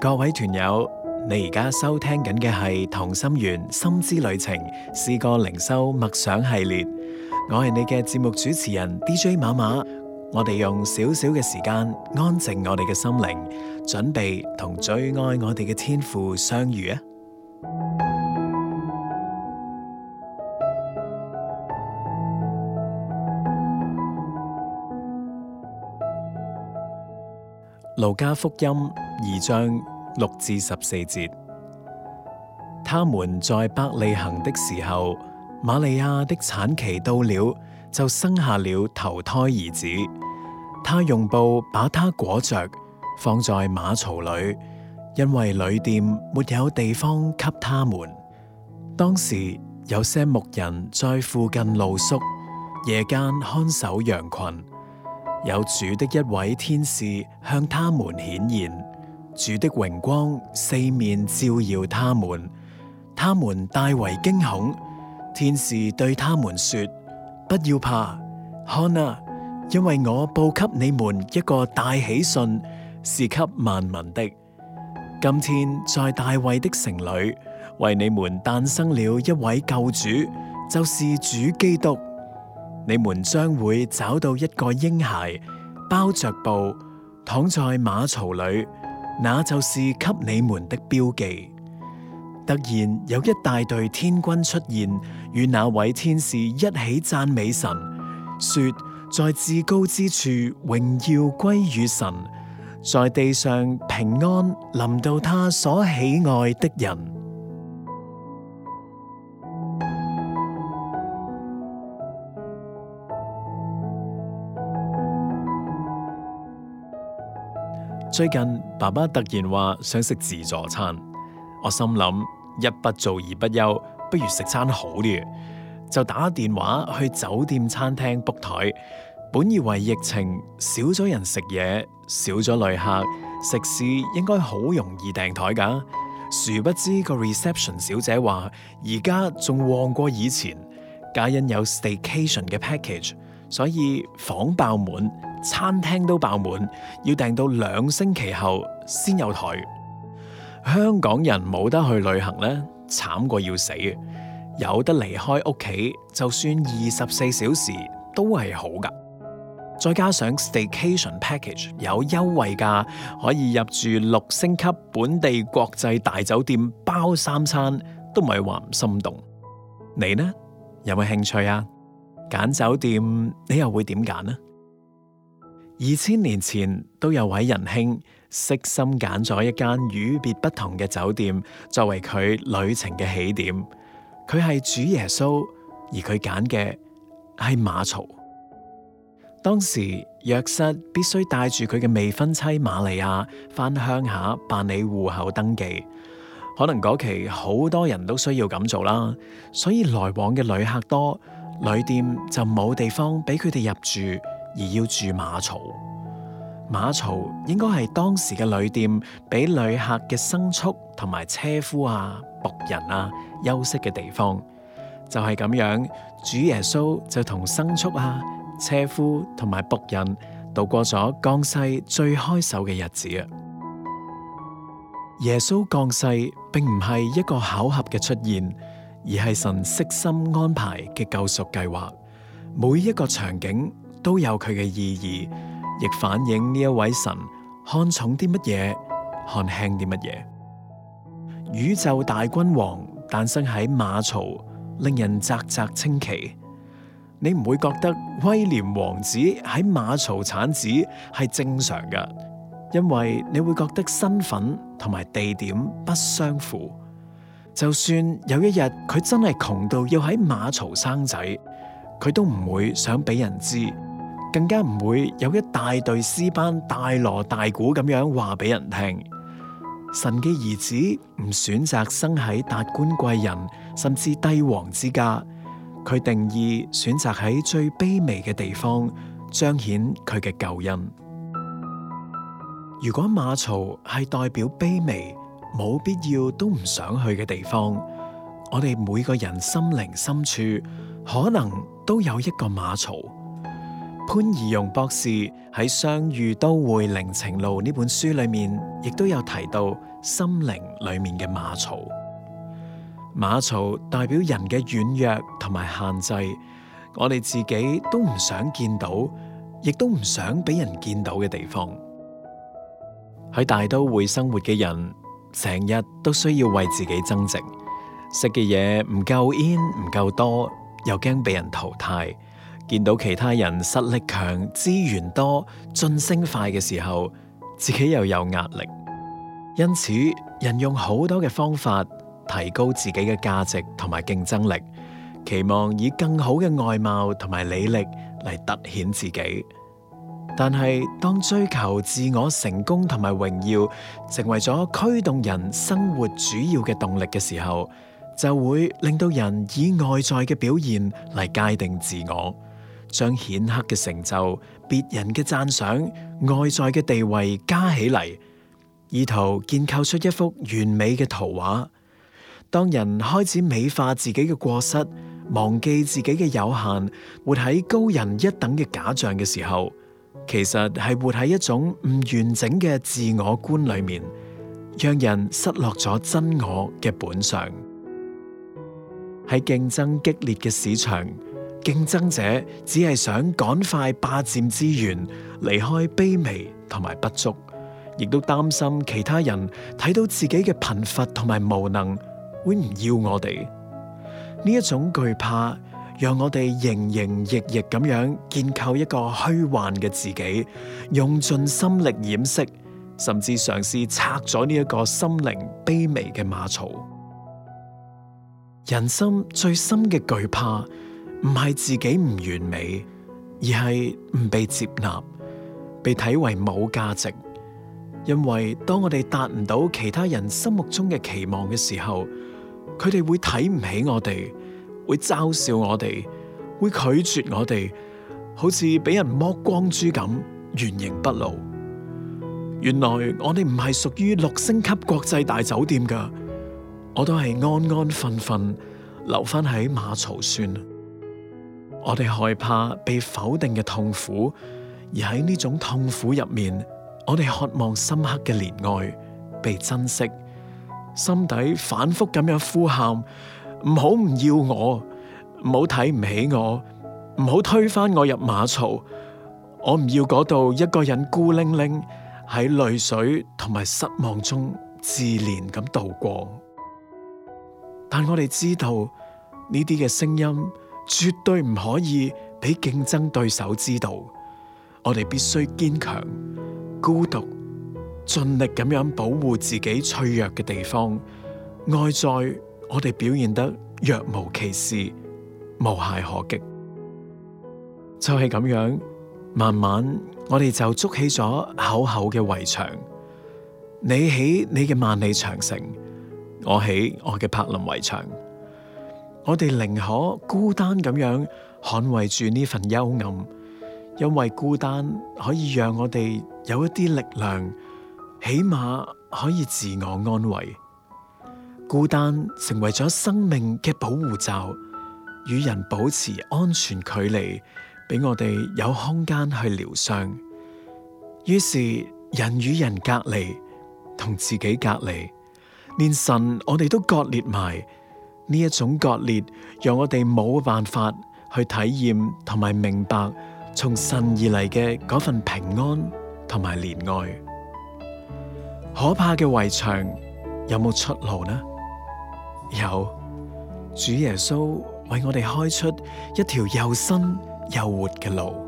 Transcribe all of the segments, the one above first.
各位團友，你而家收聽緊嘅係同心圓心之旅程，詩歌靈修默想系列。我係你嘅節目主持人 DJ 馬馬，我哋用少少嘅時間安靜我哋嘅心靈，準備同最愛我哋嘅天父相遇啊！路加福音二章六至十四節，他們在伯利恆的時候，瑪利亞的產期到了，就生下了頭胎兒子。他用布把他裹着，放在馬槽裏，因為旅店沒有地方給他們。當時有些牧人在附近露宿，夜間看守羊群。有主的一位天使向他們顯現，主的榮光四面照耀他們，他們大為驚恐。天使對他們說：不要怕，看啊，因為我報給你們一個大喜訊，是給萬民的。今天在大衛的城裏為你們誕生了一位救主，就是主基督。你們將會找到一個嬰孩，包着布，躺在馬槽裏，那就是給你們的標記。突然有一大隊天軍出現，與那位天使一起讚美神，說：在至高之處榮耀歸於神，在地上平安臨到他所喜愛的人。最近爸爸突然話想食自助餐，我心諗一不做二不休，不如食餐好啲，就打電話去酒店餐廳 book 枱。本以為疫情少咗人食嘢，少咗旅客，食肆應該好容易訂枱㗎，殊不知個 reception 小姐話而家仲旺過以前，皆因有 staycation 嘅 package。所以房爆滿，餐廳都爆滿，要訂到兩星期後先有枱。香港人冇得去旅行呢，慘過要死。有得離開屋企，就算二十四小時都係好㗎。再加上 staycation package 有優惠價，可以入住六星級本地國際大酒店，包三餐都唔係話唔心動。你呢？有冇興趣啊？揀酒店，你又會點揀呢？二千年前都有位仁兄悉心揀咗一間與別不同嘅酒店作為佢旅程嘅起點。佢係主耶穌，而佢揀嘅係馬槽。當時約瑟必須帶住佢嘅未婚妻瑪利亞翻鄉下辦理戶口登記。可能嗰期好多人都需要咁做啦，所以來往嘅旅客多。旅店就冇地方俾佢哋入住，而要住馬槽。馬槽應該係當時嘅旅店俾旅客嘅牲畜同埋車夫啊、僕人啊休息嘅地方。就係咁樣，主耶穌就同牲畜啊、車夫同埋僕人度過咗降世最開手嘅日子。耶穌降世並唔係一個巧合嘅出現。而係神悉心安排嘅救贖計劃，每一個場景都有佢嘅意義，亦反映呢一位神看重啲乜嘢，看輕啲乜嘢。宇宙大君王誕生喺馬槽，令人嘖嘖稱奇。你唔會覺得威廉王子喺馬槽產子係正常㗎，因為你會覺得身份同埋地點不相符。就算有一日佢真係窮到要喺馬槽生仔，佢都唔會想俾人知，更加唔會有一大隊詩班大鑼大鼓咁樣話俾人聽。神嘅兒子唔選擇生喺達官貴人甚至帝王之家，佢定意選擇喺最卑微嘅地方彰顯佢嘅救恩。如果馬槽係代表卑微，冇必要都唔想去嘅地方，我哋每個人心靈深處可能都有一個馬槽。潘怡容博士喺《相遇都會靈程路》呢本書裏面，亦都有提到心靈裏面嘅馬槽。馬槽代表人嘅軟弱同埋限制，我哋自己都唔想見到，亦都唔想俾人見到嘅地方。喺大都會生活嘅人，成日都需要為自己增值，食嘅嘢唔夠 in，唔夠多，又驚被人淘汰。見到其他人實力強、資源多、晉升快嘅時候，自己又有壓力。因此，人用好多嘅方法提高自己嘅價值同埋競爭力，期望以更好嘅外貌同埋履歷嚟凸顯自己。但係，當追求自我成功同埋榮耀成為咗驅動人生活主要嘅動力嘅時候，就會令到人以外在嘅表現嚟界定自我，將顯赫嘅成就、別人嘅讚賞、外在嘅地位加起嚟，意圖建構出一幅完美嘅圖畫。當人開始美化自己嘅過失，忘記自己嘅有限，活喺高人一等嘅假象嘅時候。其實係活喺一種唔完整嘅自我觀裏面，讓人失落咗真我嘅本相。喺競爭激烈嘅市場，競爭者只係想趕快霸佔資源，離開卑微同埋不足，亦都擔心其他人睇到自己嘅貧乏同埋無能，會唔要我哋。呢一種懼怕。讓我哋營營役役咁樣建構一個虛幻嘅自己，用盡心力掩飾，甚至嘗試拆咗呢一個心靈卑微嘅馬槽。人心最深嘅懼怕，唔係自己唔完美，而係唔被接納，被睇為冇價值。因為當我哋達唔到其他人心目中嘅期望嘅時候，佢哋會睇唔起我哋。會嘲笑我哋，會拒絕我哋，好似俾人剝光珠咁，原形不露。原來我哋唔係屬於六星級國際大酒店噶，我都係安安分分留翻喺馬槽算。我哋害怕被否定嘅痛苦，而喺呢種痛苦入面，我哋渴望深刻嘅憐愛被珍惜，心底反復咁樣呼喊，唔好唔要我，唔好睇唔起我，唔好推翻我入馬槽。我唔要嗰度一個人孤零零喺淚水同埋失望中自憐咁度過。但我哋知道呢啲嘅聲音絕對唔可以俾競爭對手知道。我哋必須堅強、孤獨，盡力咁樣保護自己脆弱嘅地方，外在。我哋表現得若無其事，無懈可擊，就係咁樣，慢慢我哋就築起咗厚厚嘅圍牆。你起你嘅萬里長城，我起我嘅柏林圍牆。我哋寧可孤單咁樣捍衛住呢份幽暗，因為孤單可以讓我哋有一啲力量，起碼可以自我安慰。孤單成為咗生命嘅保護罩，與人保持安全距離，俾我哋有空間去療傷。於是人與人隔離，同自己隔離，連神我哋都割裂埋。呢一種割裂，讓我哋冇辦法去體驗同埋明白從神而嚟嘅嗰份平安同埋憐愛。可怕嘅圍牆有冇出路呢？有主耶穌為我哋開出一條又新又活嘅路。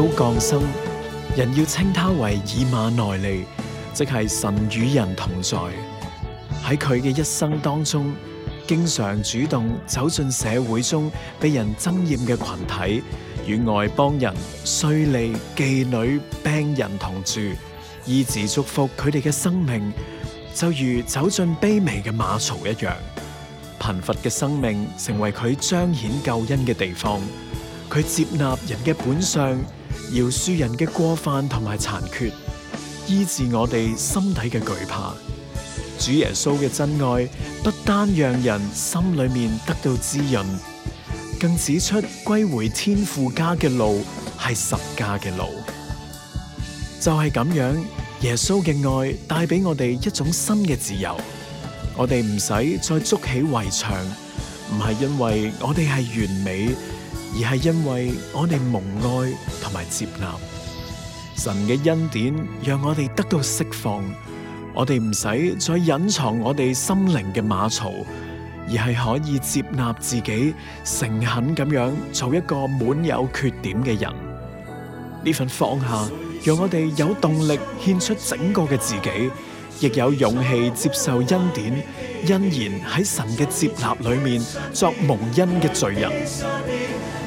都降生，人要稱他為以馬內利，即係神與人同在。喺佢嘅一生當中，經常主動走進社會中被人憎厭嘅群體，與外邦人、稅吏、妓女、病人同住，以自祝福佢哋嘅生命，就如走進卑微嘅馬槽一樣，貧乏嘅生命成為佢彰顯救恩嘅地方。佢接納人嘅本相，饒恕人嘅過犯同埋殘缺，醫治我哋心底嘅懼怕。主耶穌嘅真愛不單讓人心裏面得到滋潤，更指出歸回天父家嘅路係十架嘅路。就係、是、咁樣，耶穌嘅愛帶俾我哋一種新嘅自由。我哋唔使再築起圍牆，唔係因為我哋係完美。而係因為我哋蒙愛同埋接納，神嘅恩典讓我哋得到釋放，我哋唔使再隱藏我哋心靈嘅馬槽，而係可以接納自己，誠懇咁樣做一個滿有缺點嘅人。呢份放下，讓我哋有動力獻出整個嘅自己，亦有勇氣接受恩典，欣然喺神嘅接納裏面作蒙恩嘅罪人。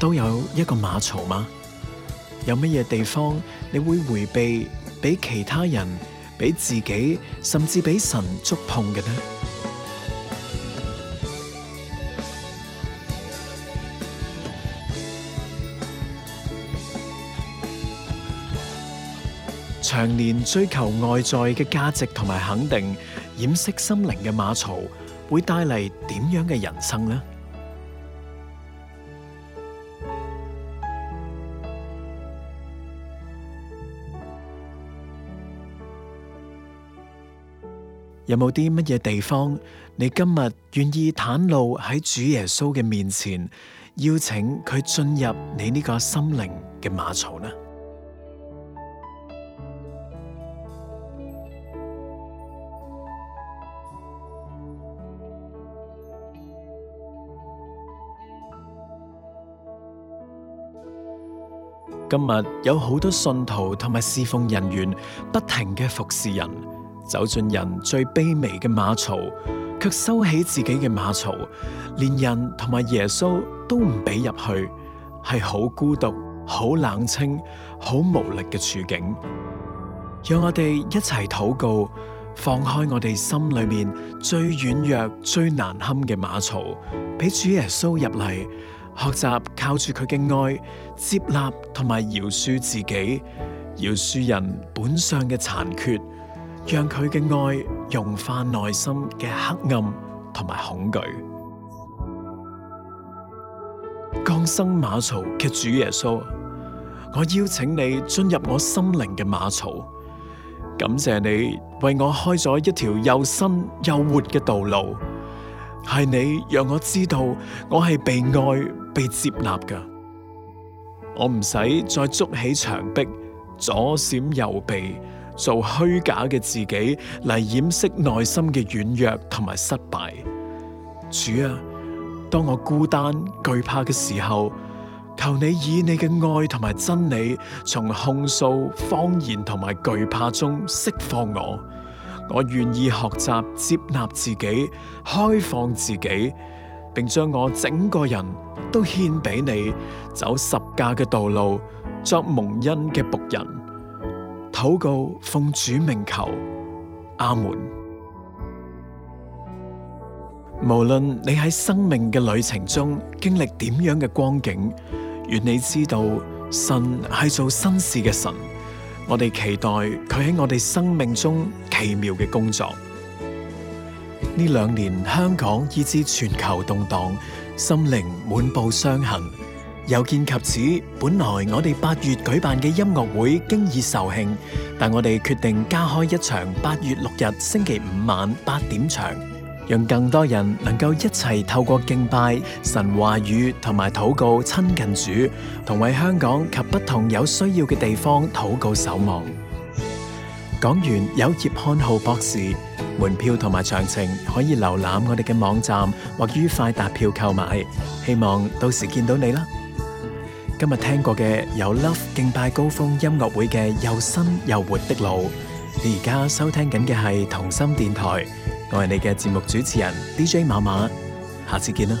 都有一個馬槽嗎？有乜嘢地方你會迴避，俾其他人、俾自己，甚至俾神觸碰嘅呢？長年追求外在嘅價值同埋肯定，掩飾心靈嘅馬槽，會帶嚟點樣嘅人生呢？有冇啲乜嘢地方，你今日願意袒露喺主耶穌嘅面前，邀請佢進入你呢個心靈嘅馬槽呢？今日有好多信徒同埋侍奉人員，不停嘅服侍人。走進人最卑微嘅馬槽，卻收起自己嘅馬槽，連人同埋耶穌都唔俾入去，係好孤獨、好冷清、好無力嘅處境。讓我哋一齊禱告，放開我哋心裏面最軟弱、最難堪嘅馬槽，俾主耶穌入嚟，學習靠住佢嘅愛接納同埋饒恕自己，饒恕人本相嘅殘缺。讓佢嘅愛融化內心嘅黑暗同埋恐懼。降生馬槽嘅主耶穌，我邀請你進入我心靈嘅馬槽，感謝你為我開咗一條又新又活嘅道路，係你讓我知道我係被愛被接納嘅，我唔使再築起牆壁，左閃右避。做虛假嘅自己嚟掩飾內心嘅軟弱同埋失敗。主啊，當我孤單、懼怕嘅時候，求你以你嘅愛同埋真理，從控訴、謊言同埋懼怕中釋放我。我願意學習接納自己，開放自己，並將我整個人都獻俾你，走十架嘅道路，作蒙恩嘅僕人。禱告，奉主名求，阿門。無論你喺生命嘅旅程中經歷點樣嘅光景，願你知道神係做新事嘅神。我哋期待佢喺我哋生命中奇妙嘅工作。呢兩年香港以至全球動盪，心靈滿布傷痕。有見及此，本來我哋八月舉辦嘅音樂會經已售罄，但我哋決定加開一場八月六日星期五晚八點場，讓更多人能夠一齊透過敬拜神話語同埋禱告親近主，同為香港及不同有需要嘅地方禱告守望。講完有葉漢浩博士，門票同埋詳情可以瀏覽我哋嘅網站或於快達票購買。希望到時見到你啦！今日聽過嘅有《Love 敬拜高峰音樂會的》嘅又新又活的路，你而家收聽緊嘅係同心電台，我係你嘅節目主持人 DJ 馬馬，下次見啦。